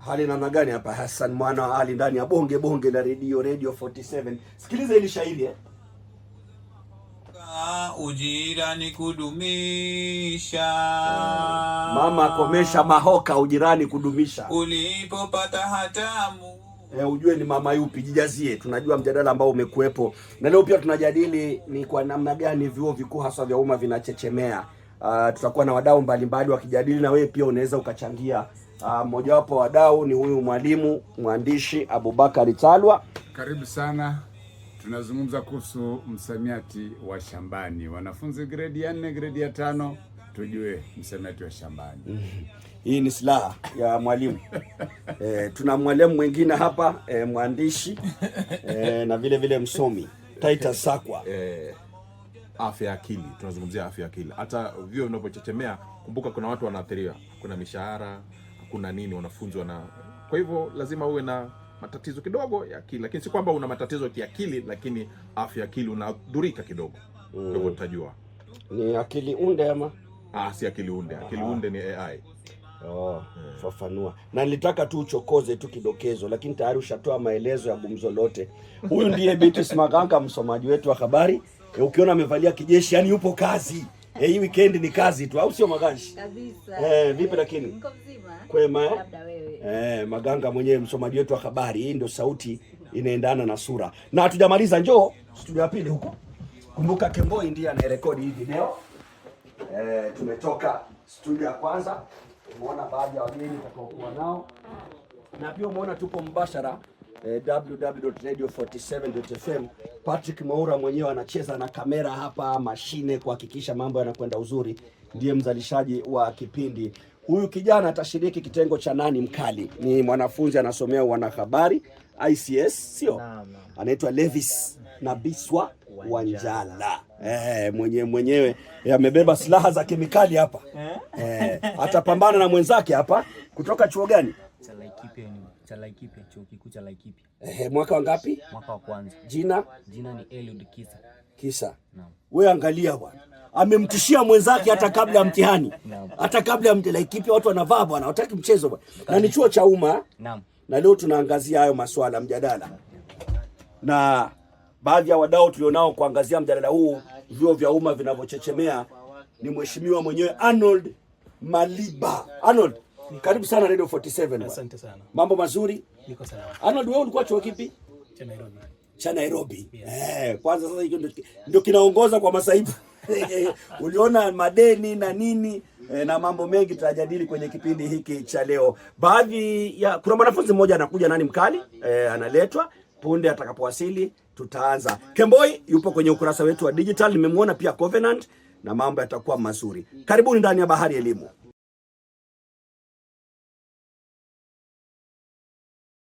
hali namna gani hapa? Hassan mwana wa Ali ndani ya bonge bonge la redio Radio 47. Sikiliza hili shairi eh. Ujira ni kudumisha, mama komesha mahoka, ujirani kudumisha. Ulipopata hatamu E, ujue ni mama yupi, jijazie. Tunajua mjadala ambao umekuwepo na leo pia tunajadili ni kwa namna gani vyuo vikuu haswa vya umma vinachechemea. Uh, tutakuwa na wadau mbalimbali wakijadili, na wewe pia unaweza ukachangia mmojawapo ah, uh, wadau ni huyu mwalimu mwandishi Abubakari Talwa. Karibu sana. Tunazungumza kuhusu msamiati wa shambani. Wanafunzi gredi ya nne, gredi ya tano, tujue msamiati wa shambani. Mm. Hii ni silaha ya mwalimu. e, tuna mwalimu mwingine hapa e, mwandishi e, na vile vile msomi Titus Sakwa. e, afya ya akili, tunazungumzia afya ya akili. Hata vyo vinavyochechemea, kumbuka kuna watu wanaathiriwa, kuna mishahara kuna nini, wanafunzi na kwa hivyo lazima uwe na matatizo kidogo ya akili, lakini si kwamba una matatizo ya kiakili, lakini afya akili unadhurika kidogo mm. Kwa hivyo mm. utajua ni akili unde ama ah, si akili unde. Akili ah. unde ni AI. Oh, hmm. Fafanua na nilitaka tu uchokoze tu kidokezo, lakini tayari ushatoa maelezo ya gumzo lote. Huyu ndiye Beatrice Maganga, msomaji wetu wa habari. E, ukiona amevalia kijeshi, yani yupo kazi. Eh, hii weekend ni kazi tu, au sio Maganshi? Kabisa. Eh, vipi lakini? Niko mzima? Kwema. Eh? Labda wewe. Eh, Maganga mwenyewe msomaji wetu wa habari, hii ndio sauti inaendana na sura. Na hatujamaliza, njoo studio ya pili huko. Kumbuka Kemboi ndiye anarekodi hii video. Eh, tumetoka studio ya kwanza. Umeona baadhi ya wageni watakaokuwa nao. Na pia umeona tupo mbashara eh, www.radio47.fm. Patrick Mwaura mwenyewe anacheza na kamera hapa, mashine kuhakikisha mambo yanakwenda uzuri, ndiye mzalishaji wa kipindi. Huyu kijana atashiriki kitengo cha nani mkali, ni mwanafunzi anasomea wanahabari ICS, sio anaitwa Levis na Biswa Wanjala eh, mwenye, mwenyewe amebeba silaha za kemikali hapa eh, eh atapambana na mwenzake hapa kutoka chuo gani? Laikipia, cha Laikipia, chuo kikuu cha Laikipia. Ehe, mwaka wa ngapi? Mwaka wa kwanza. Jina? Jina ni Eliud Kisa. Kisa. Naam. Wewe angalia bwana. Amemtishia mwenzake hata kabla ya mtihani. Naam. Hata kabla ya mtihani. Laikipia watu wanavaa bwana, hawataki mchezo bwana. Na ni chuo cha umma. Naam. Na leo tunaangazia hayo masuala mjadala. Na baadhi ya wadau tulionao kuangazia mjadala huu vyuo vya umma vinavyochechemea ni mheshimiwa mwenyewe Arnold Maliba. Arnold, karibu sana Radio 47. Asante sana. Mambo mazuri? Niko salama. Arnold, wewe ulikuwa chuo kipi? Cha Nairobi. Cha Nairobi. Eh, kwanza sasa hiyo ndio kinaongoza kwa masaibu. Eh, eh, uliona madeni na nini eh, na mambo mengi tutajadili kwenye kipindi hiki cha leo. Baadhi ya kuna mwanafunzi mmoja anakuja nani mkali eh, analetwa punde atakapowasili tutaanza. Kemboi yupo kwenye ukurasa wetu wa digital, nimemwona pia Covenant na mambo yatakuwa mazuri. Karibuni ndani ya Bahari Elimu.